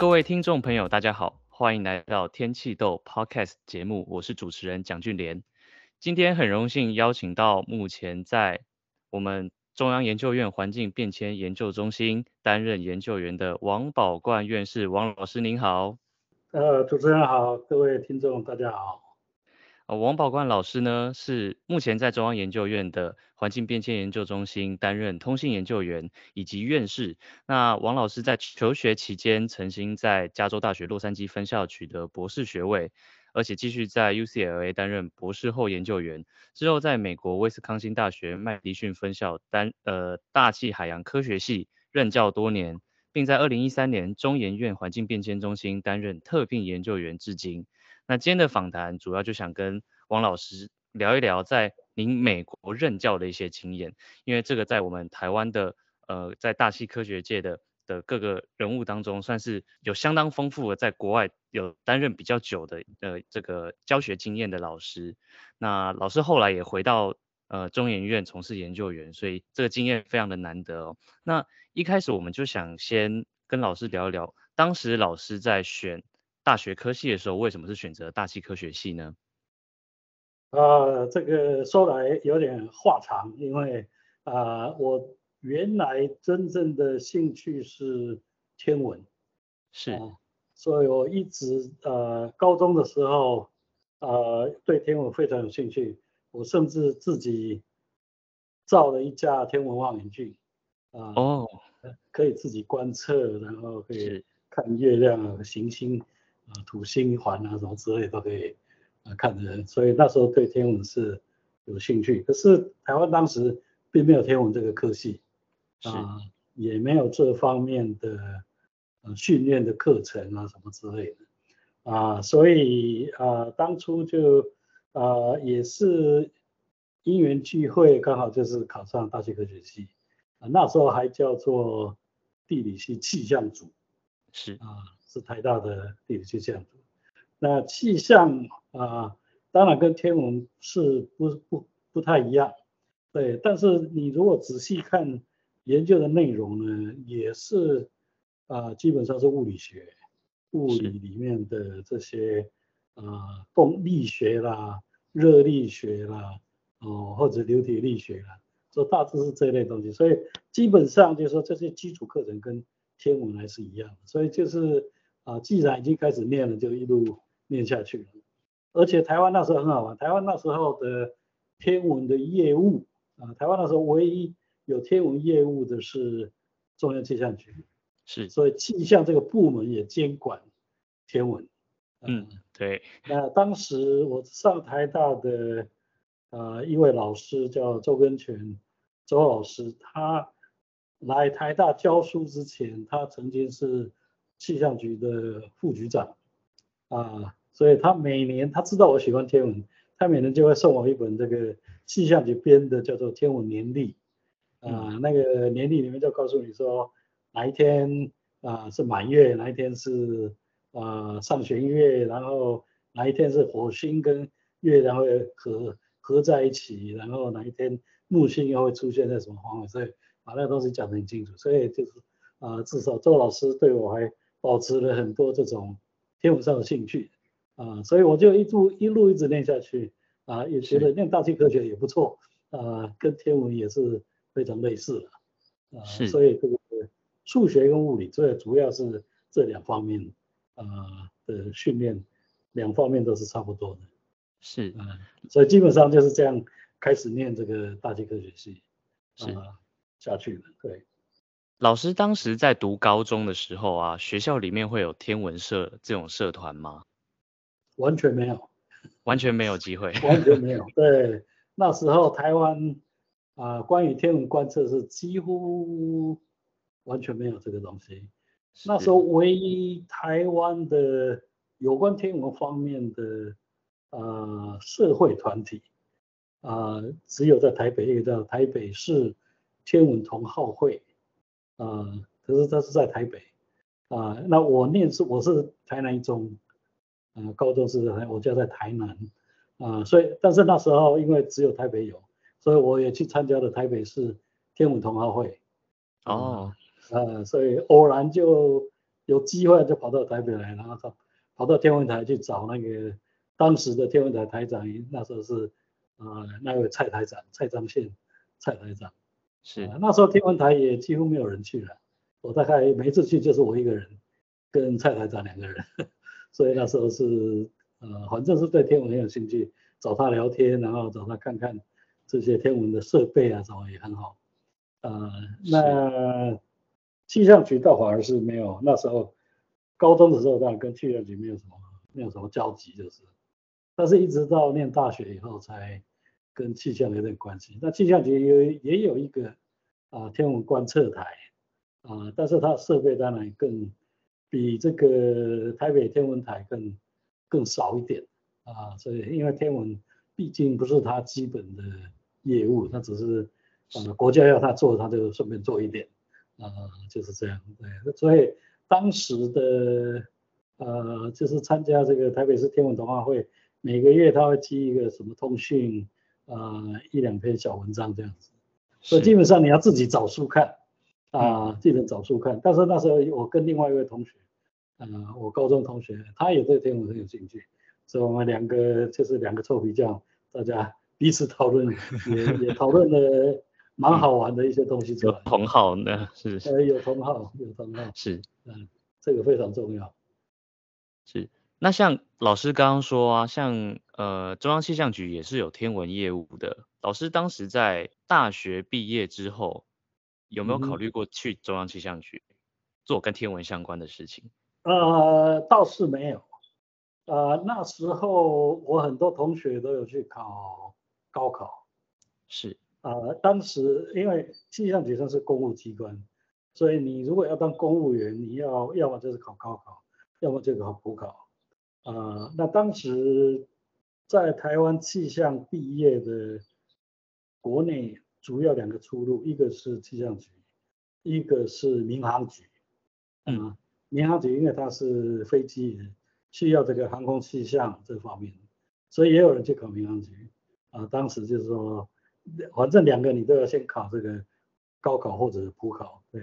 各位聽眾朋友，大家好，歡迎來到《天氣豆》Podcast 節目，我是主持人蔣俊蓮，今天很榮幸邀請到目前在我們中央研究院環境變遷研究中心擔任研究員的王寳貫院士，王老師您好。呃，主持人好，各位聽眾大家好。王寳貫老師呢，是目前在中央研究院的環境變遷研究中心擔任通信研究員以及院士。那王老師在求學期間，曾經在加州大學洛杉磯分校取得博士學位，而且繼續在 UCLA 擔任博士後研究員。之後在美國威斯康辛大學麥迪遜分校擔呃大氣海洋科學系任教多年，並在2013年中研院環境變遷中心擔任特聘研究員至今。那今天的訪談主要就想跟王老師聊一聊，在您美國任教的一些經驗，因為這個在我們台灣的呃，在大氣科學界的的各個人物當中，算是有相當豐富的在國外有擔任比較久的呃這個教學經驗的老師。那老師後來也回到呃中研院從事研究員，所以這個經驗非常的難得哦。那一開始我們就想先跟老師聊一聊，當時老師在選大學科系的時候，為什麼是選擇大氣科學系呢？啊、呃，這個說來有點話長，因為啊、呃，我原來真正的興趣是天文，是、呃，所以我一直呃，高中的時候呃，對天文非常有興趣，我甚至自己造了一架天文望遠鏡啊，呃、哦，可以自己觀測，然後可以看月亮、是行星。土星環啊，什麼之類都可以看的，所以那時候對天文是有興趣。可是台灣當時並沒有天文這個科系啊是、呃，也沒有這方面的訓練、呃、的課程啊，什麼之類的啊、呃，所以啊、呃，當初就啊、呃、也是因緣際會，剛好就是考上大氣科學系、呃、那時候還叫做地理系氣象組是啊。呃是台大的地理氣象，那氣象啊、呃，當然跟天文是不不不太一樣，對。但是你如果仔細看研究的內容呢，也是啊、呃，基本上是物理學，物理裡面的這些動是、呃、力學啦、熱力學啦，哦、呃、或者流體力學啦，這大致是這類東西。所以基本上就是說這些基礎課程跟天文還是一樣的，所以就是。啊，既然已經開始念了，就一路念下去了。而且台灣那時候很好玩，台灣那時候的天文的業務啊，台灣那時候唯一有天文業務的是中央氣象局，是，所以氣象這個部門也監管天文。啊、嗯，對。那、啊、當時我上台大的呃一位老師叫周根全，周老師，他來台大教書之前，他曾經是。氣象局的副局長啊，所以他每年，他知道我喜歡天文，他每年就會送我一本這個氣象局編的叫做《天文年曆》啊，那個年曆裡面就告訴你說，哪一天啊是滿月，哪一天是啊上弦月，然後哪一天是火星跟月然後合，合在一起，然後哪一天木星又會出現在什麼方位，所以把那個東西講得很清楚，所以就是啊，至少周老師對我還。保持了很多這種天文上的興趣啊、呃，所以我就一路一路一直念下去啊、呃，也覺得念大氣科學也不錯啊、呃，跟天文也是非常類似的啊，呃、是所以這個數學跟物理，主要主要是這兩方面啊、呃、的訓練，兩方面都是差不多的，是啊、呃，所以基本上就是這樣開始念這個大氣科學系啊、呃、是下去了，對。老師當時在讀高中的時候啊，學校裡面會有天文社這種社團嗎？完全沒有，完全沒有機會， 完全沒有。對，那時候台灣啊、呃，關於天文觀測是幾乎完全沒有這個東西。是那時候唯一台灣的有關天文方面的、呃、社會團體啊、呃，只有在台北，那個叫台北市天文同好會。呃，可是他是在台北，啊、呃，那我念是我是台南一中，啊、呃，高中是我家在台南，啊、呃，所以但是那時候因為只有台北有，所以我也去參加了台北市天文同好會，哦、呃，oh. 呃，所以偶然就有機會就跑到台北來，然後到跑到天文台去找那個當時的天文台台長，那時候是呃那位蔡台長蔡章獻蔡台長。是、呃，那時候天文台也幾乎沒有人去了，我大概每次去就是我一個人，跟蔡台長兩個人，所以那時候是，呃，反正是對天文很有興趣，找他聊天，然後找他看看這些天文的設備啊，什麼也很好。呃，那，是，氣象局倒反而是沒有，那時候高中的時候，當然跟氣象局沒有什麼，沒有什麼交集就是，但是一直到念大學以後才跟氣象有點關係，那氣象局也也有一個啊、呃、天文觀測台啊、呃，但是它的設備當然更比這個台北天文台更更少一點啊，所以因為天文畢竟不是它基本的業務，它只是、嗯、國家要它做，它就順便做一點啊、呃，就是這樣對，所以當時的呃就是參加這個台北市天文談話會，每個月他會寄一個什麼通訊。呃，一兩篇小文章這樣子，所以基本上你要自己找書看啊，自己是、呃、找書看。但是那時候我跟另外一位同學，啊、呃，我高中同學，他也對天文很有興趣，所以我們兩個就是兩個臭皮匠，大家彼此討論 也也討論了蠻好玩的一些東西出來。嗯、有同好呢，是不是？呃，有同好，有同好，是，嗯、呃，這個非常重要。是。那像老師剛剛說啊，像呃中央氣象局也是有天文業務的。老師當時在大學畢業之後，有沒有考慮過去中央氣象局做跟天文相關的事情？嗯，呃，倒是沒有。呃，那時候我很多同學都有去考高考。是。呃，當時因為氣象局算是公務機關，所以你如果要當公務員，你要要麼就是考高考，要麼就是考補考。啊、呃，那當時在台灣氣象畢業的國內主要兩個出路，一個是氣象局，一個是民航局。嗯、呃，民航局因為它是飛機，需要這個航空氣象這方面，所以也有人去考民航局。啊、呃，當時就是說，反正兩個你都要先考這個高考或者普考，對。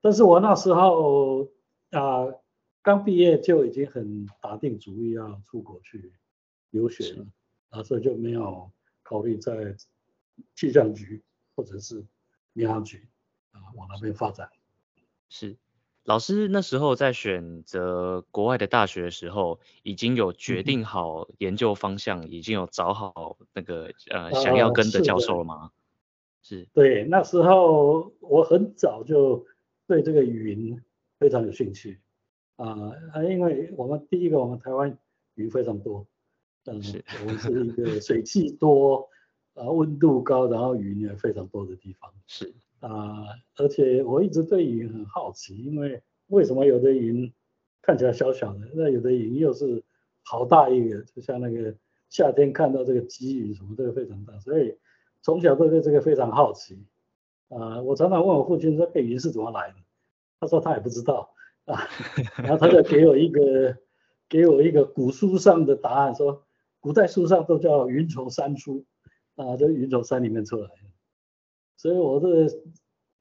但是我那時候啊。呃剛畢業就已經很打定主意要出國去留學了。是啊，所以就沒有考慮在氣象局或者是民航局啊往那邊發展。是，老師那時候在選擇國外的大學的時候，已經有決定好研究方向，嗯嗯已經有找好那個呃想要跟的教授了嗎？啊、是，是對，那時候我很早就對這個雲非常有興趣。啊，因為我們第一個，我們台灣雨非常多，嗯，是 我們是一個水氣多啊，溫度高，然後雨也非常多的地方。是啊，而且我一直對雲很好奇，因為為什麼有的雲看起來小小的，那有的雲又是好大一個，就像那個夏天看到這個積雲什麼的，非常大，所以從小都對這個非常好奇。啊，我常常問我父親說，這雲是怎麼來的？他說他也不知道。 啊，然後他就給我一個，給我一個古書上的答案，說古代書上都叫雲從山出，啊，就是雲從山裡面出來，所以我的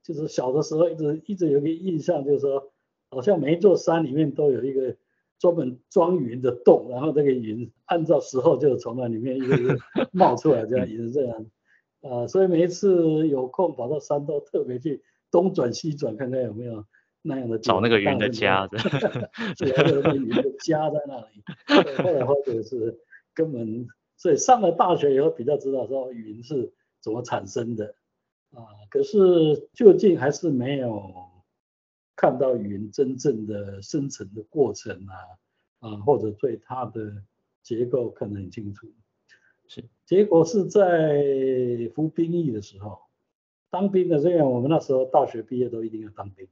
就是小的時候一直一直有一個印象，就是說好像每一座山裡面都有一個專門裝雲的洞，然後這個雲按照時候就從那裡面一個、一個、一個冒出來，這樣雲 這樣，啊，所以每一次有空跑到山都特別去東轉西轉看看有沒有。那樣的找那個雲的家的， 所以那個雲的家在那裡？或者 是根本，所以上了大學以後比較知道說雲是怎麼產生的啊、呃，可是究竟還是沒有看到雲真正的生成的過程啊啊、呃，或者對它的結構可能很清楚。是，結果是在服兵役的時候，當兵的人員，我們那時候大學畢業都一定要當兵。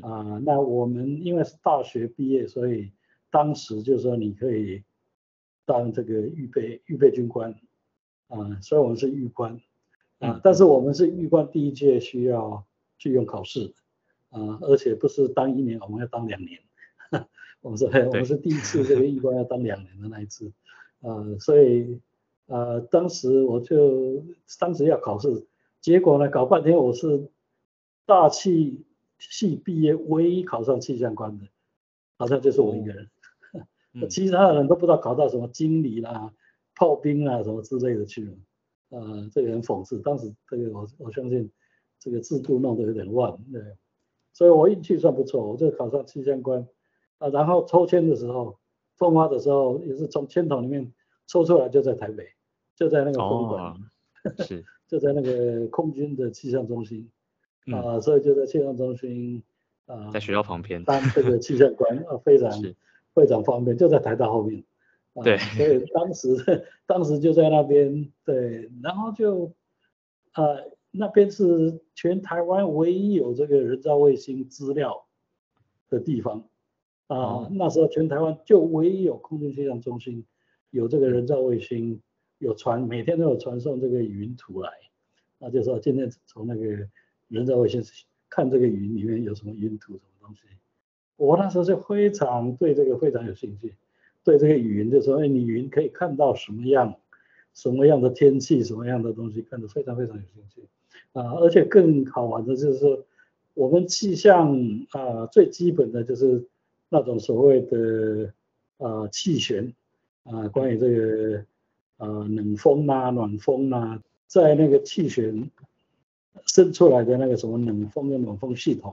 啊、嗯呃，那我們因為是大學畢業，所以當時就是說你可以當這個預備預備軍官啊。雖、呃、然我們是預官啊，呃嗯、但是我們是預官第一屆需要去用考試啊、呃，而且不是當一年，我們要當兩年。哈、我們是，對對我們是第一次這個預官要當兩年的那一次啊、呃，所以啊、呃，當時我就當時要考試，結果呢，搞半天我是大氣。系畢業唯一考上氣象官的，好像就是我一個人，哦嗯、其他的人都不知道考到什麼經理啦、炮兵啦什麼之類的去了。呃，這個人諷刺。當時這個我我相信這個制度弄得有點亂，對。所以我運氣算不錯，我就考上氣象官、呃。然後抽籤的時候，分發的時候也是從籤筒裡面抽出來，就在台北，就在那個空管、哦，是， 就在那個空軍的氣象中心。啊、嗯呃，所以就在氣象中心啊，呃、在學校旁邊當 這個氣象官啊、呃，非常是非常方便，就在台大後面。呃、對，所以當時當時就在那邊，對，然後就啊、呃，那邊是全台灣唯一有這個人造衛星資料的地方啊。呃哦、那時候全台灣就唯一有空軍氣象中心有這個人造衛星，有傳每天都有傳送這個雲圖來，那就是說今天從那個。人在衛星看這個雲裡面有什麼雲圖什麼東西，我那時候是非常對這個非常有興趣，對這個雲就說，哎，你雲可以看到什麼樣，什麼樣的天氣，什麼樣的東西，看得非常非常有興趣啊、呃！而且更好玩的就是我們氣象啊、呃，最基本的就是那種所謂的啊、呃、氣旋啊、呃，關於這個呃冷風啊、暖風啊，在那個氣旋。生出來的那個什麼冷鋒跟暖鋒系統，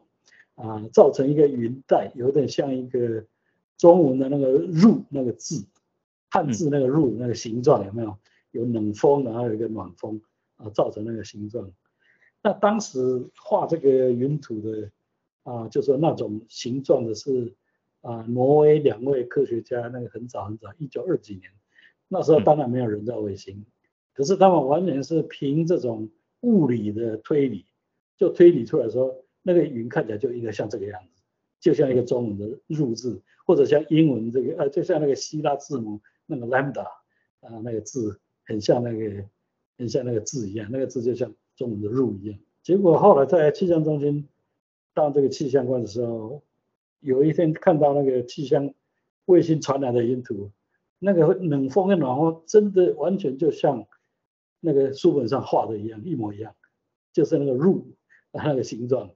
啊、呃，造成一個雲帶，有點像一個中文的那個入那個字，漢字那個入那個形狀，有沒有？有冷鋒然後有一個暖鋒啊、呃，造成那個形狀。那當時畫這個雲圖的啊、呃，就是說那種形狀的是啊、呃，挪威兩位科學家，那個很早很早，一九二幾年，那時候當然沒有人造衛星，可是他們完全是憑這種。物理的推理就推理出來說，那個雲看起來就應該像這個樣子，就像一個中文的入字，或者像英文這個呃、啊，就像那個希臘字母那個 lambda 啊，那個字很像那個很像那個字一樣，那個字就像中文的入一樣。結果後來在氣象中心當這個氣象官的時候，有一天看到那個氣象衛星傳來的雲圖，那個冷鋒跟暖鋒真的完全就像。那個書本上畫的一樣，一模一樣，就是那個路，那個形狀。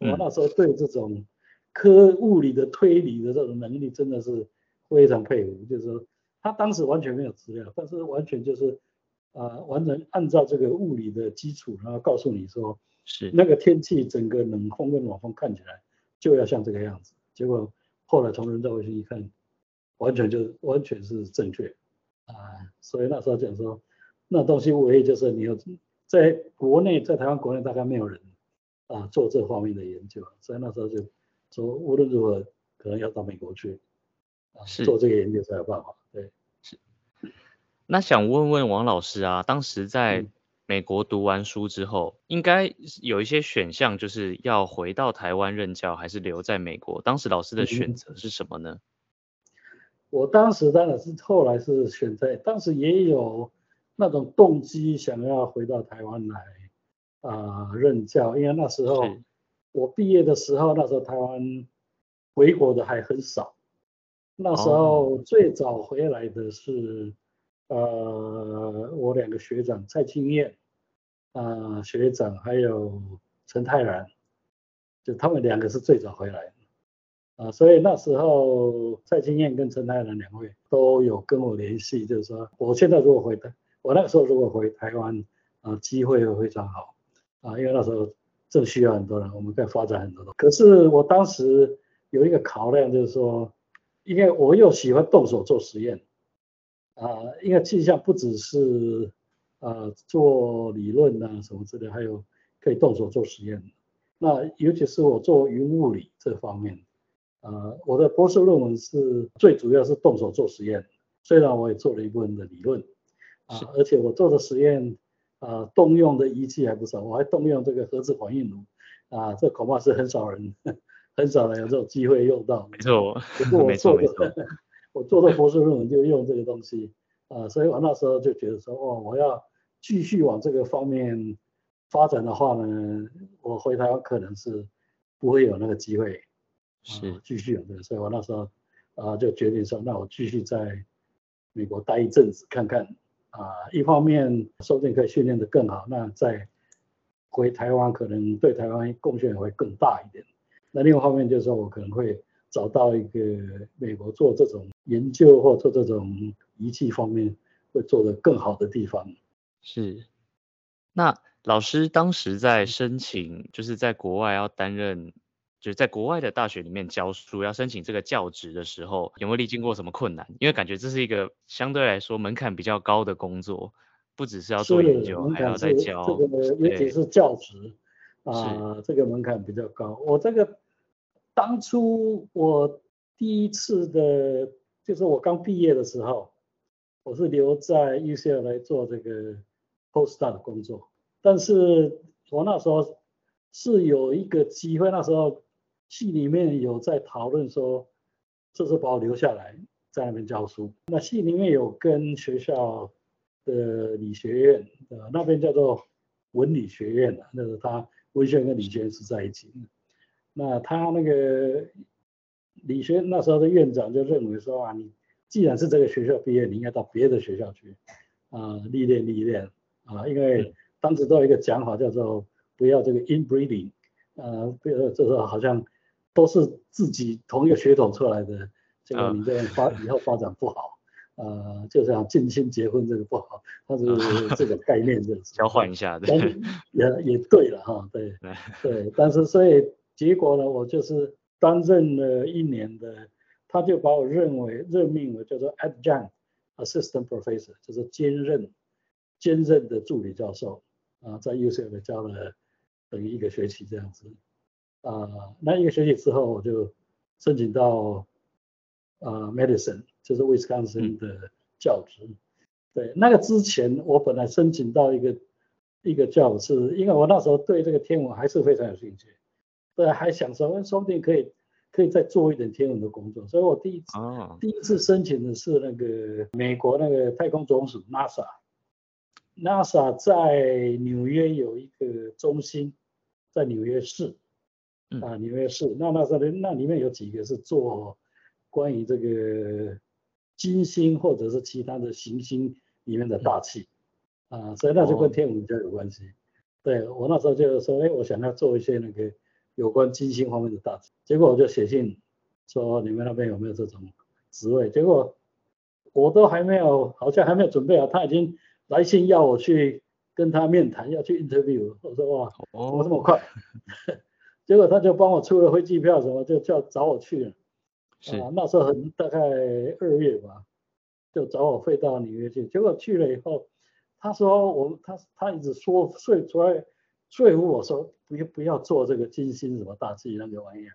我那時候對這種科物理的推理的這種能力真的是非常佩服。就是說，他當時完全沒有資料，但是完全就是啊、呃，完全按照這個物理的基礎，然後告訴你說是那個天氣，整個冷鋒跟暖鋒看起來就要像這個樣子。結果後來從人造衛星一看，完全就完全是正確啊、呃。所以那時候講說。那東西唯一就是你要在國內，在台灣國內大概沒有人啊做這方面的研究、啊，所以那時候就說無論如何可能要到美國去、啊、是做這個研究才有辦法。對，是。那想問問王老師啊，當時在美國讀完書之後，嗯、應該有一些選項，就是要回到台灣任教還是留在美國？當時老師的選擇是什麼呢、嗯？我當時當然是後來是選在當時也有。那種動機想要回到台灣來啊、呃、任教，因為那時候對我畢業的時候，那時候台灣回國的還很少。那時候最早回來的是、哦、呃我兩個學長蔡清彥啊、呃、學長還有陳泰然，就他們兩個是最早回來啊、呃，所以那時候蔡清彥跟陳泰然兩位都有跟我聯繫，就是說我現在如果回來。我那時候如果回台灣，啊、呃，機會會非常好，啊、呃，因為那時候正需要很多人，我們在發展很多東西。可是我當時有一個考量，就是說，因為我又喜歡動手做實驗，啊、呃，因為氣象不只是呃做理論啊什麼之類，還有可以動手做實驗。那尤其是我做雲物理這方面，啊、呃，我的博士論文是最主要是動手做實驗，雖然我也做了一部分的理論。啊，而且我做的實驗，啊，動用的儀器還不少，我還動用這個核子反應爐，啊，這恐怕是很少人，很少人有這種機會用到。沒錯錯，是我做的，沒錯錯 我做的博士論文就用這個東西，啊，所以我那時候就覺得說，哦，我要繼續往這個方面發展的話呢，我回台灣可能是不會有那個機會，是、啊、繼續，有這個，所以我那時候啊，就決定說，那我繼續在美國待一陣子，看看。啊、呃，一方面說不定可以訓練得更好，那在回台灣可能對台灣貢獻也會更大一點。那另外一方面就是說我可能會找到一個美國做這種研究或做這種儀器方面會做得更好的地方。是，那老師當時在申請就是在國外要擔任。就是在國外的大學裡面教書，要申請這個教職的時候，有沒有歷經過什麼困難？因為感覺這是一個相對來說門檻比較高的工作，不只是要做研究，以還要再教。對這個尤其是教職啊，這個門檻比較高。我這個當初我第一次的，就是我剛畢業的時候，我是留在 UCL 來做這個 postdoc 的工作，但是我那時候是有一個機會，那時候。系裡面有在討論說，這次把我留下來在那邊教書。那系裡面有跟學校的理學院，呃、那邊叫做文理學院，那是他文學院跟理學院是在一起。那他那個理學院那時候的院長就認為說啊，你既然是這個學校畢業，你應該到別的學校去啊歷練歷練啊，因為當時都有一個講法叫做不要這個 inbreeding，呃，比如說這個就是好像。都是自己同一個血統出來的，結果你這樣發、uh, 以後發展不好， 呃，就像近親結婚這個不好，他是這個概念就是 交換一下，對也也對了哈，對 對，對，但是所以結果呢，我就是擔任了一年的，他就把我認為任命為叫做 adjunct assistant professor，就是兼任兼任的助理教授啊、呃，在 USC 教了等於一個學期這樣子。呃，uh, 那一個學期之後，我就申請到呃、uh，Madison，就是威斯康星的教職。嗯、對，那個之前我本來申請到一個一個教職，因為我那時候對這個天文還是非常有興趣，對，還想說說不定可以可以再做一點天文的工作。所以我第一次、嗯、第一次申請的是那個美國那個太空總署 NASA，NASA 在紐約有一個中心，在紐約市。啊，裡面是，那那時候那裡面有幾個是做關於這個金星或者是其他的行星裡面的大氣啊、嗯呃，所以那就跟天文學有關係。哦、對，我那時候就說，哎、欸，我想要做一些那個有關金星方面的大氣，結果我就寫信說，你們那邊有沒有這種職位？結果我都還沒有，好像還沒有準備好、啊，他已經來信要我去跟他面談，要去 interview。我說哇，哦，這麼快。哦 結果他就幫我出了飛機票，什麼就叫找我去了，啊，那時候很大概二月吧，就找我飛到紐約去。結果去了以後，他說我他他一直說說出來說服我說不不要做這個金星什麼大氣那個玩意兒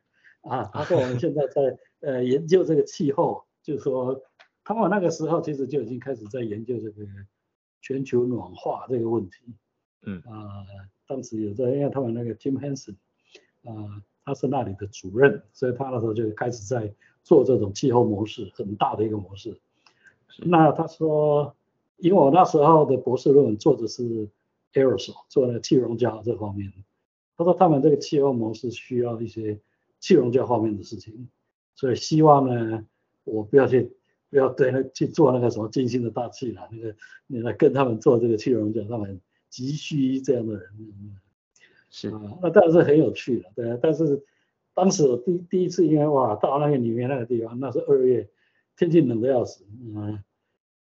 啊，啊。他說我們現在在呃研究這個氣候，就是說他們那個時候其實就已經開始在研究這個全球暖化這個問題、呃。嗯啊，當時有在因為他們那個 Jim Hansen 呃，他是那裡的主任，所以他那時候就開始在做這種氣候模式，很大的一個模式。那他說，因為我那時候的博士論文做的是 aerosol，做那個氣溶膠這方面。他說他們這個氣候模式需要一些氣溶膠方面的事情，所以希望呢，我不要去不要對他去做那個什麼精心的大氣啦，那個你來跟他們做這個氣溶膠，他們急需這樣的人。嗯是啊，那當然是很有趣了，對。但是當時我第第一次，因為哇，到那個裡面那個地方，那是二月，天氣冷得要死，嗯，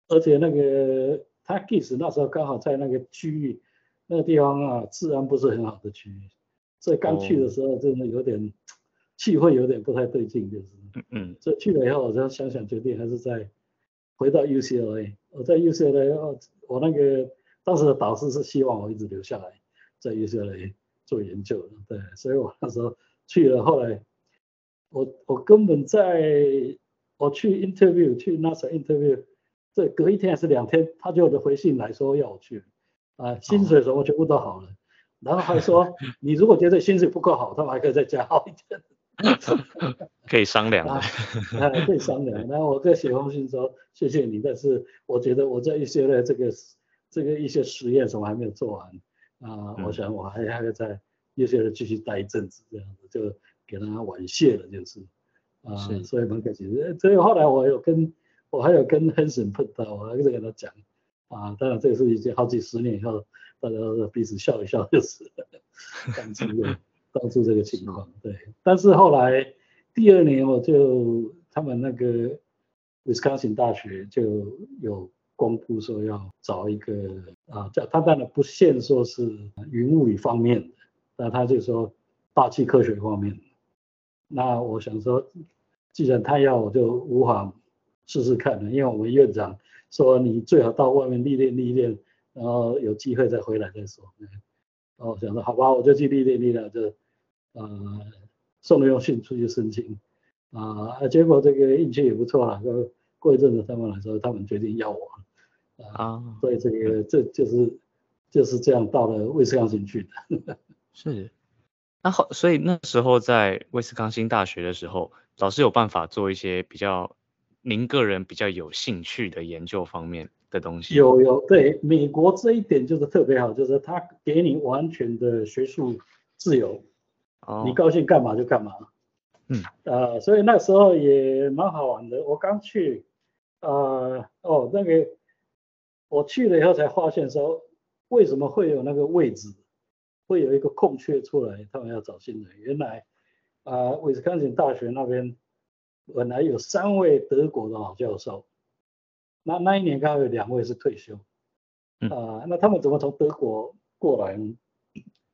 而且那個他即使那時候剛好在那個區域，那個地方啊，治安不是很好的區域。所以剛去的時候，真的有點氣氛、哦、有點不太對勁，就是。嗯嗯。所以去了以後，我就想想決定還是再回到 UCLA。我在 UCLA，我那個當時的導師是希望我一直留下來在 UCLA。做研究對，所以我那時候去了，後來我我根本在我去 interview，去 NASA interview，這隔一天還是兩天，他就的回信來說要我去，啊，薪水什麼全部都好了，好，然後還說 你如果覺得薪水不夠好，他們還可以再加好一點， 可以商量啊， 啊，可以商量。然後我在寫封信說謝謝你，但是我覺得我在一些的這個、這個、這個一些實驗什麼還沒有做完。啊、嗯呃，我想我還還要在葉縣繼續待一陣子，這樣子就給他婉謝了，就是啊，呃、是所以、欸、所以後來我有跟，我還有跟 Hanson 碰到，我還在跟他講啊，當然這個事情已經好幾十年以後，大家彼此笑一笑就是，當初的當初這個情況， 是對。但是後來第二年我就他們那個 Wisconsin 大學就有公布說要找一個啊，叫他當然不限說是雲物理方面，那他就說大氣科學方面，那我想說，既然他要，我就無妨試試看了，因為我們院長說你最好到外面歷練歷練，然後有機會再回來再說。然後我想說好吧，我就去歷練歷練，就呃送了封信出去申請啊、呃，結果這個運氣也不錯啦，過一陣子，他們來說，他們決定要我，呃、啊，所以這個，嗯、這就是就是這樣到了威斯康星去的。 是，然後所以那時候在威斯康星大學的時候，老師有辦法做一些比較您個人比較有興趣的研究方面的東西？有有，對美國這一點就是特別好，就是他給你完全的學術自由，哦，你高興幹嘛就幹嘛。嗯，呃，所以那時候也蠻好玩的，我剛去。啊、呃、哦，那個我去了以後才發現，說為什麼會有那個位置會有一個空缺出來？他們要找新人。原來啊、呃、威斯康星大學那邊本來有三位德國的老教授，那那一年剛好有兩位是退休，啊、嗯呃，那他們怎麼從德國過來呢？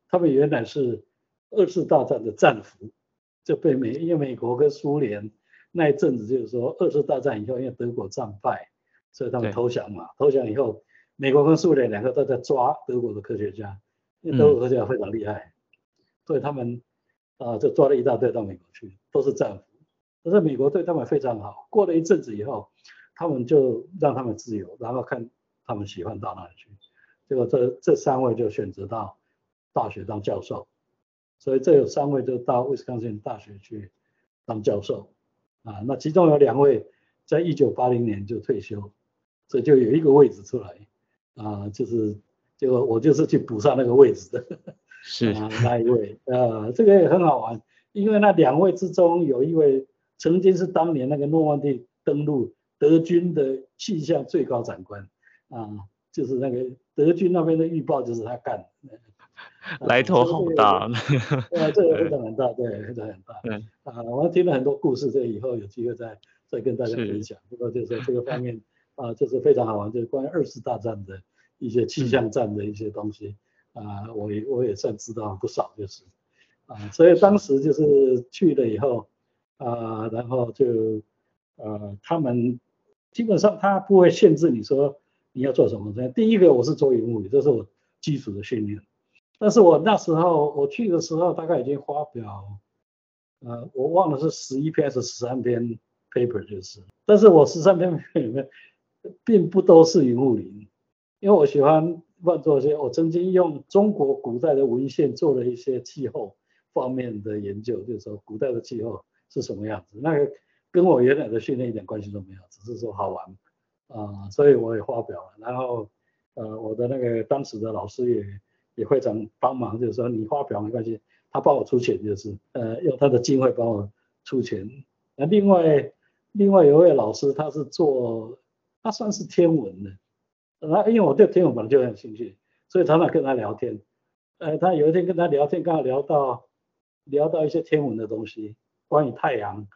他們原來是二次大戰的戰俘，就被美因為美國跟蘇聯。那一陣子就是說，二次大戰以後，因為德國戰敗，所以他們投降嘛。投降以後，美國跟蘇聯兩個都在抓德國的科學家，因為德國科學家非常厲害，所以他們啊、呃、就抓了一大堆到美國去，都是戰俘。可是美國對他們非常好，過了一陣子以後，他們就讓他們自由，然後看他們喜歡到哪裡去。結果這這三位就選擇到大學當教授，所以這有三位就到威斯康星大學去當教授。啊，那其中有兩位在一九八零年就退休，所以就有一個位置出來，啊，就是就我就是去補上那個位置的，是，啊，那一位，啊，這個也很好玩，因為那兩位之中有一位曾經是當年那個諾曼底登陸德軍的氣象最高長官，啊，就是那個德軍那邊的預報就是他幹的。來頭好大，呃，這個非常很大，對，非常很大。啊，我聽了很多故事，這以後有機會再再跟大家分享。不過就是這個方面啊，就是非常好玩，就是關於二次大戰的一些氣象戰的一些東西啊，我也我也算知道不少，就是啊，所以當時就是去了以後啊，然後就呃，他們基本上他不會限制你說你要做什麼東西。第一個我是做雲霧，這是我基礎的訓練。但是我那時候我去的時候，大概已經發表，呃，我忘了是十一篇還是十三篇 paper 就是。但是我十三篇 paper 裡面，並不都是雲物理，因為我喜歡亂做一些。我曾經用中國古代的文獻做了一些氣候方面的研究，就是說古代的氣候是什麼樣子。那個跟我原來的訓練一點關係都沒有，只是說好玩啊，呃，所以我也發表了。然後，呃，我的那個當時的老師也。也非常幫忙，就是說你發表沒關係，他幫我出錢就是，呃，用他的經費幫我出錢。那另外另外有位老師，他是做他算是天文的，那因為我對天文本來就很有興趣，所以常常跟他聊天。呃，他有一天跟他聊天，剛好聊到聊到一些天文的東西，關於太陽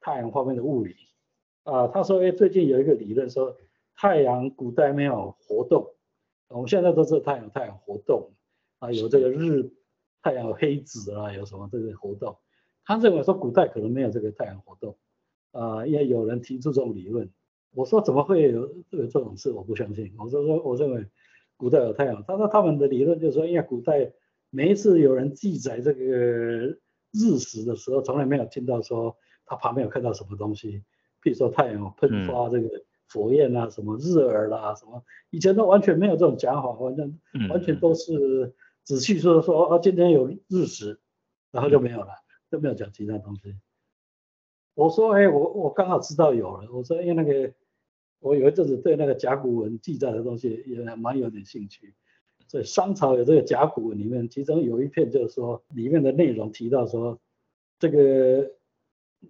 太陽方面的物理啊、呃，他說，誒，最近有一個理論說太陽古代沒有活動，我們現在都是太陽太陽活動。啊，有這個日太陽黑子啊，有什麼這個活動？他認為說古代可能沒有這個太陽活動，啊、呃，因為有人提出這種理論。我說怎麼會有這種事？我不相信。我說我認為古代有太陽。他說他們的理論就是說，因為古代每一次有人記載這個日食的時候，從來沒有聽到說他旁邊有看到什麼東西，比如說太陽噴發這個火焰啊，嗯、什麼日珥啦、啊，什麼,、啊、什麼以前都完全沒有這種講法，完全完全都是。仔細說說，啊，今天有日食，然後就沒有了，就沒有講其他東西。我說，哎，我我剛好知道有了。我說，因為那個，我有一陣子對那個甲骨文記載的東西也蠻有點興趣，所以商朝有這個甲骨文裡面，其中有一篇就是說，裡面的內容提到說，這個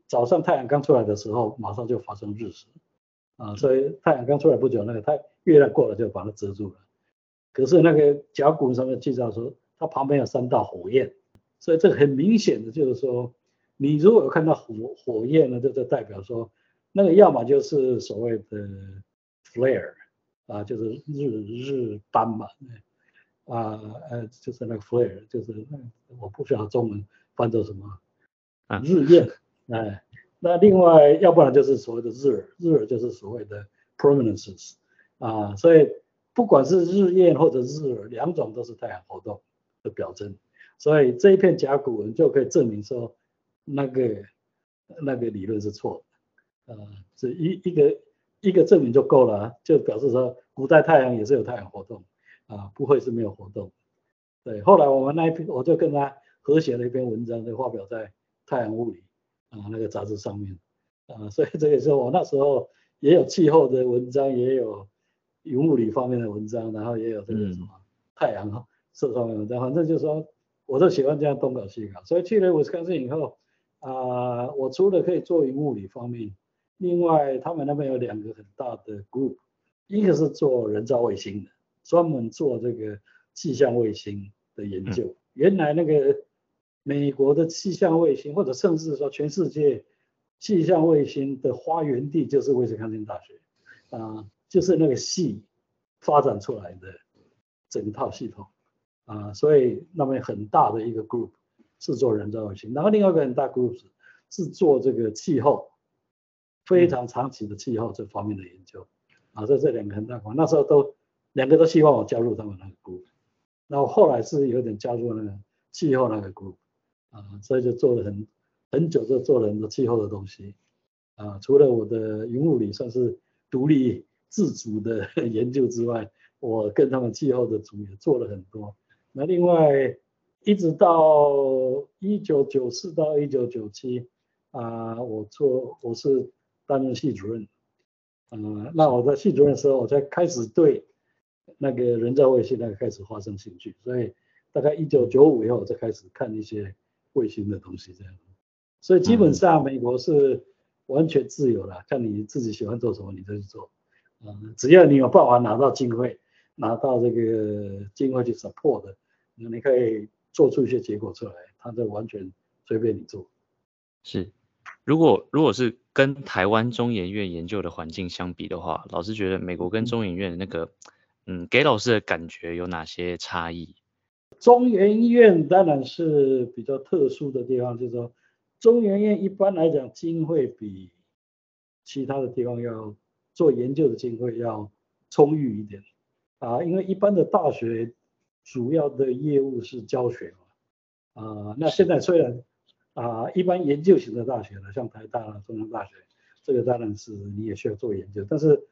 早上太陽剛出來的時候，馬上就發生日食啊，所以太陽剛出來不久，那個太月亮過了就把它遮住了。可是那個甲骨上面記載說，它旁邊有三道火焰，所以這很明顯的就是說，你如果看到火火焰呢，就這就代表說，那個要麼就是所謂的 flare 啊，就是日日斑嘛，啊呃，就是那個 flare，就是我不曉得中文翻作什麼，啊日焰，哎、啊， 那另外要不然就是所謂的日日，就是所謂的 prominences 啊，所以。不管是日焰或者是日珥，兩種都是太陽活動的表徵，所以這一片甲骨文就可以證明說，那個那個理論是錯的，呃，這一一個一個證明就夠了，就表示說古代太陽也是有太陽活動啊、呃，不會是沒有活動。對，後來我們那一篇我就跟他合寫了一篇文章，就發表在《太陽物理》啊、呃、那個雜誌上面，啊、呃，所以這也是我那時候也有氣候的文章，也有。雲物理方面的文章，然後也有這個什麼、嗯、太陽哈，射窗的文章，反正就是說，我都喜歡這樣東搞西搞。所以去了威斯康星以後啊、呃，我除了可以做雲物理方面，另外他們那邊有兩個很大的 group，一個是做人造衛星的，專門做這個氣象衛星的研究。嗯、原來那個美國的氣象衛星，或者甚至說全世界氣象衛星的發源地，就是威斯康星大學啊。呃就是那個系發展出來的整套系統啊，所以那邊很大的一個 group 製作人造衛星，然後另外一個很大 group 是做這個氣候，非常長期的氣候這方面的研究啊，在、嗯、這兩個很大 g 那時候都兩個都希望我加入他們那個 group，那我後來是有點加入那個氣候那個 group 啊，所以就做了很很久，就做了很多氣候的東西啊，除了我的雲物理算是獨立。自主的研究之外，我跟他們氣候的組也做了很多。那另外，一直到一九九四到一九九七啊，我做我是擔任系主任。嗯、呃，那我在系主任的時候，我才開始對那個人造衛星那個開始發生興趣。所以大概一九九五以後，我才開始看一些衛星的東西這樣。所以基本上美國是完全自由的，看、嗯、你自己喜歡做什麼你就去做。只要你有辦法拿到經費，拿到這個經費去 support 的，那你可以做出一些結果出來。他就完全隨便你做。是，如果如果是跟台灣中研院研究的環境相比的話，老師覺得美國跟中研院那個，嗯，給老師的感覺有哪些差異？中研院當然是比較特殊的地方，就是說中研院一般來講經費比其他的地方要。做研究的經費要充裕一點啊，因為一般的大學主要的業務是教學嘛啊，那現在雖然啊，一般研究型的大學呢，像台大、中央大學，這個當然是你也需要做研究，但是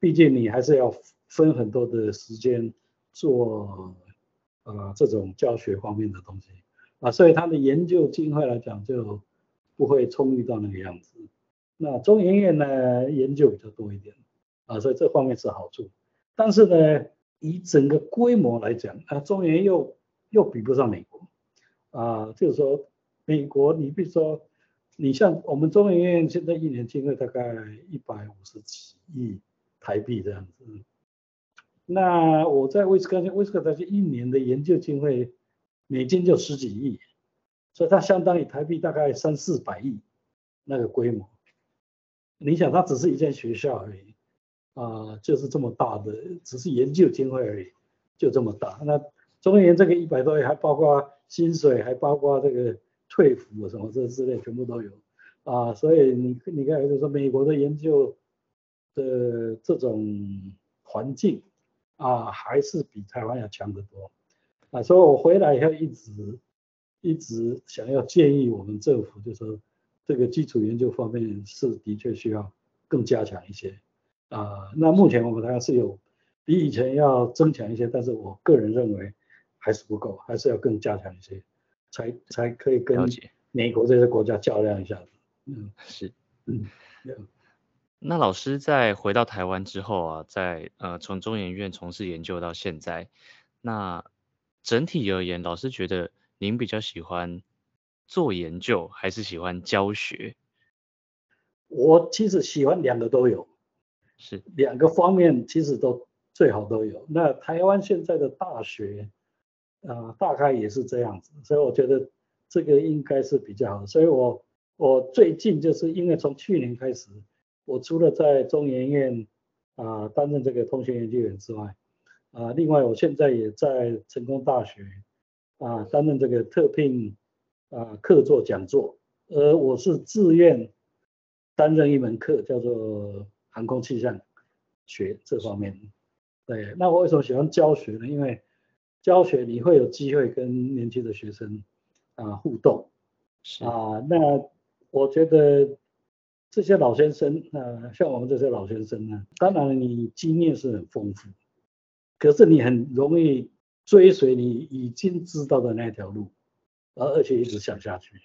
畢竟你還是要分很多的時間做呃、啊、這種教學方面的東西啊，所以它的研究經費來講就不會充裕到那個樣子。那中研院呢研究比較多一點啊，所以這方面是好處。但是呢，以整個規模來講啊，中研又又比不上美國啊。就是說，美國你比如說，你像我們中研院現在一年經費大概一百五十幾億台幣這樣子，嗯。那我在威斯康辛，威斯康辛大學一年的研究經費，美金就十幾億，所以它相當於台幣大概三四百億那個規模。你想，它只是一間學校而已，啊、呃，就是這麼大的，只是研究經費而已，就這麼大。那中研這個一百多億，還包括薪水，還包括這個退服什麼這之類，全部都有，啊、呃，所以你你看，就是說美國的研究的這種環境啊、呃，還是比台灣要強得多，啊、呃，所以我回來以後一直一直想要建議我們政府，就是說。這個基礎研究方面是的確需要更加強一些，啊、呃，那目前我們還是有比以前要增強一些，但是我個人認為還是不夠，還是要更加強一些，才才可以跟美國這些國家較量一下。嗯，是，嗯，嗯。那老師在回到台灣之後啊，在呃從中研院從事研究到現在，那整體而言，老師覺得您比較喜歡。做研究還是喜歡教學？我其實喜歡兩個都有，是兩個方面，其實都最好都有。那台灣現在的大學啊、呃，大概也是這樣子，所以我覺得這個應該是比較好。所以我我最近就是因為從去年開始，我除了在中研院啊、呃，擔任這個通訊研究員之外，啊、呃，另外我現在也在成功大學啊、呃，擔任這個特聘，啊，客座講座，而我是自願擔任一門課，叫做航空氣象學這方面。的對，那我為什麼喜歡教學呢？因為教學你會有機會跟年輕的學生啊互動。是的啊，那我覺得這些老先生啊，像我們這些老先生呢，當然你經驗是很豐富，可是你很容易追隨你已經知道的那條路。而且一直想下去，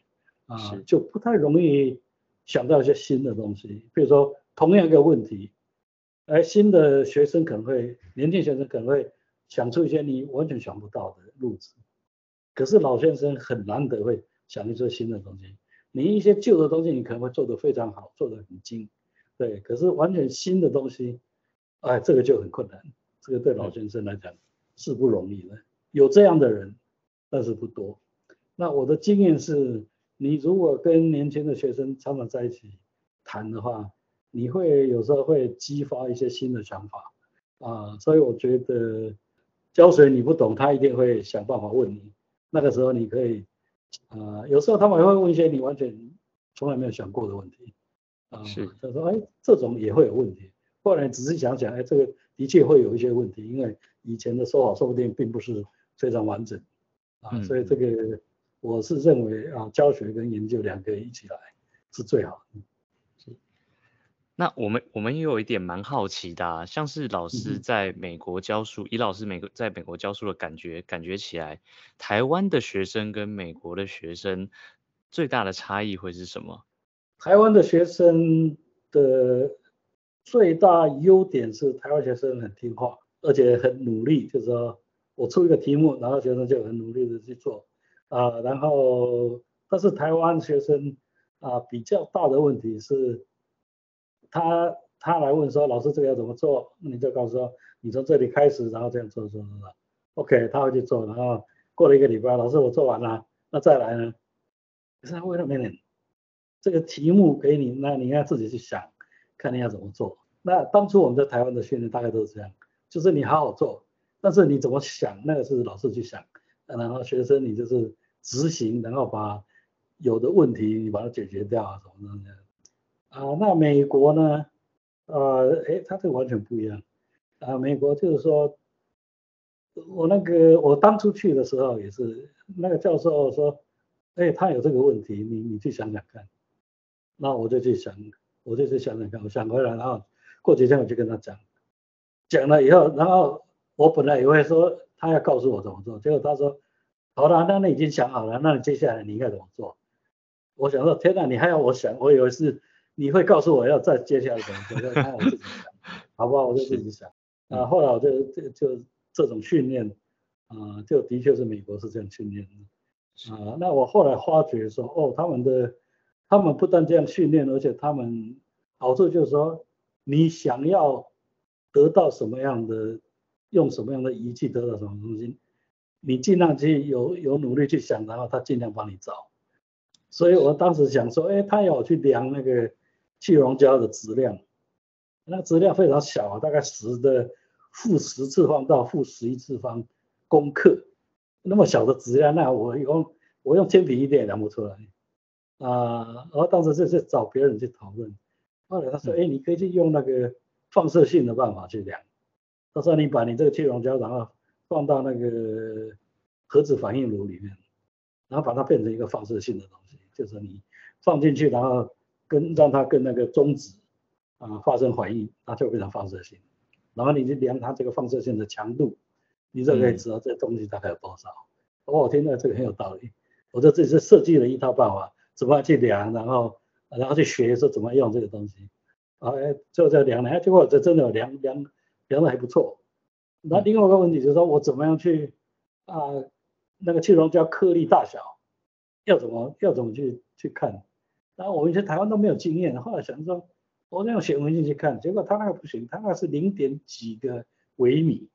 啊，就不太容易想到一些新的東西。比如說，同樣一個問題，而、哎、新的學生可能會，年輕學生可能會想出一些你完全想不到的路子。可是老先生很難得會想一些新的東西。你一些舊的東西，你可能會做得非常好，做得很精，對。可是完全新的東西，哎，這個就很困難。這個對老先生來講是不容易的。嗯、有這樣的人，但是不多。那我的經驗是，你如果跟年輕的學生常常在一起談的話，你會有時候會激發一些新的想法啊，呃，所以我覺得教學，你不懂，他一定會想辦法問你。那個時候你可以，呃，有時候他們還會問一些你完全從來沒有想過的問題啊。呃，是，他說：“哎，這種也會有問題。”後來仔細想想，哎，這個的確會有一些問題，因為以前的說法說不定並不是非常完整啊，呃嗯，所以這個。我是認為啊，教學跟研究兩個人一起來是最好的。那我們我們也有一點蠻好奇的啊，像是老師在美國教書，嗯，以老師美國在美國教書的感覺，感覺起來台灣的學生跟美國的學生最大的差異會是什麼？台灣的學生的最大優點是台灣學生很聽話，而且很努力，就是說我出一個題目，然後學生就很努力的去做。啊、呃，然後，但是台灣學生啊、呃，比較大的問題是他，他他來問說：“老師，這個要怎麼做？”你就告訴說：“你從這裡開始，然後這樣做做做做。”OK，他會去做，然後過了一個禮拜，老師我做完了，那再來呢？可是 wait a minute, 這個題目給你，那你要自己去想，看你要怎麼做。那當初我們在台灣的訓練大概都是這樣，就是你好好做，但是你怎麼想，那個是老師去想，啊、然後學生你就是。執行，然後把有的問題你把它解決掉啊，什麼樣的啊？那美國呢？呃，哎，它這個完全不一樣啊。美國就是說，我那個我當初去的時候也是那個教授說，哎，他有這個問題，你你去想想看。那我就去想，我就去想想看，我想回來然後過幾天我就跟他講，講了以後，然後我本來以為說他要告訴我怎麼做，結果他說。好了，那你已經想好了，那你接下來你應該怎麼做？我想說，天哪，你還要我想？我以為是你會告訴我要再接下來怎麼做，那我自己想， 好不好？我就自己想。是啊，後來我就就就，就這種訓練，啊、呃，就的確是美國是這樣訓練的。呃、是啊，那我後來發覺說，哦，他們的他們不但這樣訓練，而且他們好處就是說，你想要得到什麼樣的，用什麼樣的儀器得到什麼東西。你盡量去有有努力去想，然後他盡量幫你找。所以我當時想說，哎，他要去量那個氣溶膠的質量，那質量非常小啊，大概十的負十次方到負十一次方公克，那麼小的質量，那我用我用天平一點也量不出來。啊，然後當時就去找別人去討論，後來他說，哎，你可以去用那個放射性的辦法去量。他說你把你這個氣溶膠，然後。放到那個核子反應爐裡面，然後把它變成一個放射性的東西，就是你放進去，然後跟讓它跟那個中子啊發生反應，它就會變成放射性。然後你去量它這個放射性的強度，你就可以知道這東西大概有多少。哦、嗯，我聽到這個很有道理。我就自己就設計了一套辦法，怎麼去量，然後然後去學說怎麼用這個東西啊，最後再量量，結果這真的量量量的還不錯。那另外一個問題就是說，我怎麼樣去啊、呃？那個氣溶膠顆粒大小要怎麼要怎麼去去看？然後我們以前台灣都沒有經驗，後來想說，我用顯微鏡去看，結果它那個不行，它那是零點幾個微米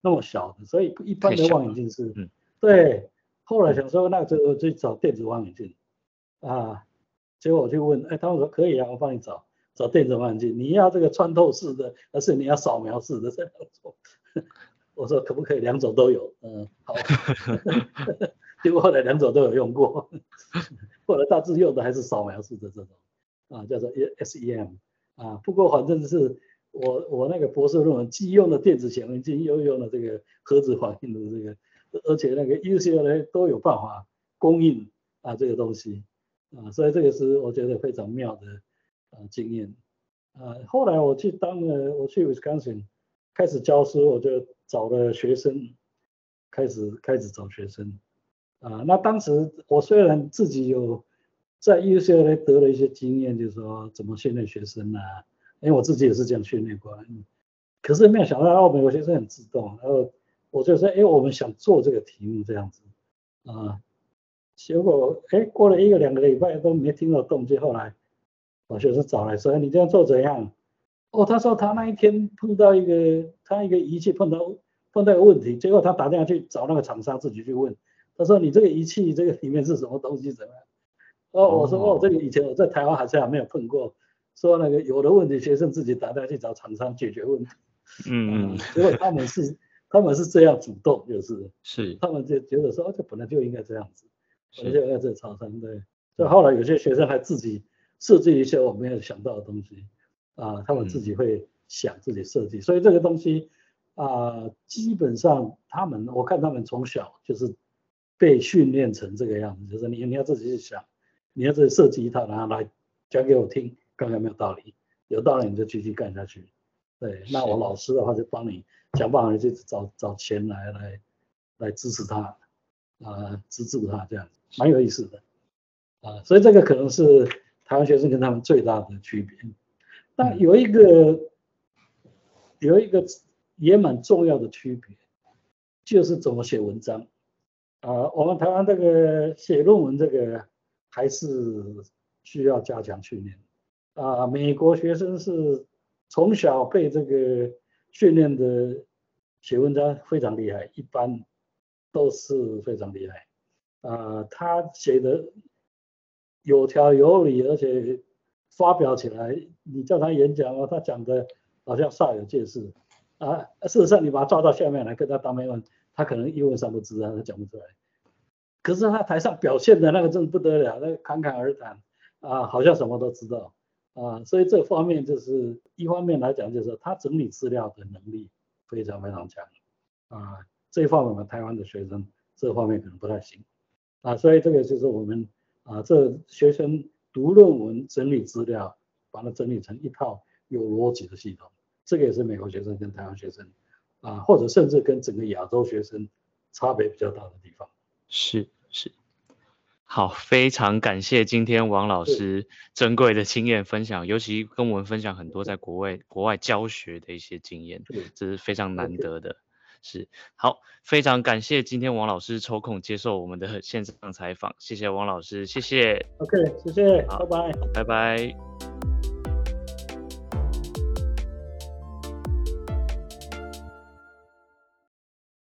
那麼小的，所以一般的望遠鏡是，嗯、對。後來想說，那就就找電子望遠鏡啊、呃。結果我就問，哎，他們說可以啊，我幫你找找電子望遠鏡。你要這個穿透式的，還是你要掃描式的這樣做？我說可不可以兩種都有？嗯，好， 結果後來兩種都有用過，後來大致用的還是掃描式的這種啊，叫做 SEM 啊。不過反正是我我那個博士論文既用了電子顯微鏡，又用了這個核子反應爐這個，而且那個 UCLA 都有辦法供應啊這個東西啊，所以這個是我覺得非常妙的啊經驗啊。後來我去當了、呃，我去 Wisconsin。開始教書，我就找了學生，開始開始找學生，啊，那當時我雖然自己有在 UCLA 得了一些經驗，就是說怎麼訓練學生呢、啊？因為我自己也是這樣訓練過，可是沒有想到澳門我學生很自動，然後我就說，哎、欸，我們想做這個題目這樣子，啊，結果哎、欸、過了一個兩個禮拜都沒聽到動靜，後來我學生找來說，欸、你這樣做怎樣？哦，他說他那一天碰到一個他一個儀器碰到碰到一個問題，結果他打電話去找那個廠商自己去問。他說：“你這個儀器這個裡面是什麼東西？怎麼樣？”哦，我說：“哦，這個以前我在台灣好像還沒有碰過。”說那個有的問題，學生自己打電話去找廠商解決問題。嗯、啊，結果他們是 他們是這樣主動，就是是他們就覺得說這、哦、本來就應該這樣子，我就應該找廠商。對，是所以後來有些學生還自己設計一些我沒有想到的東西。啊、呃，他們自己會想，自己設計，嗯、所以這個東西啊、呃，基本上他們，我看他們從小就是被訓練成這個樣子，就是你你要自己去想，你要自己設計一套，然後來講給我聽，看看有沒有道理，有道理你就繼續幹下去。對，那我老師的話就幫你想辦法去找找錢來來來支持他，啊、呃，資助他，這樣蠻有意思的，啊、呃，所以這個可能是台灣學生跟他們最大的區別。但有一個有一個也蠻重要的區別，就是怎麼寫文章啊、呃。我們台灣這個寫論文這個還是需要加強訓練啊、呃。美國學生是從小被這個訓練的寫文章非常厲害，一般都是非常厲害啊、呃。他寫得有條有理，而且。發表起來，你叫他演講哦，他講的好像煞有介事啊。事實上，你把他抓到下面來跟他當面問，他可能一問三不知啊，他講不出來。可是他台上表現的那個真不得了，那個侃侃而談啊，好像什麼都知道啊。所以這方面就是一方面來講，就是他整理資料的能力非常非常強啊。這一方面我們台灣的學生這方面可能不太行啊。所以這個就是我們啊，這學生。無論我們整理資料，把它整理成一套有邏輯的系統，這個也是美國學生跟台灣學生啊、呃，或者甚至跟整個亞洲學生差別比較大的地方。是是，好，非常感謝今天王老師珍貴的經驗分享，對尤其跟我們分享很多在國外對國外教學的一些經驗，對這是非常難得的。好，非常感謝今天王老師抽空接受我們的現場採訪，謝謝王老師，謝謝，OK，謝謝，好，拜拜，拜拜。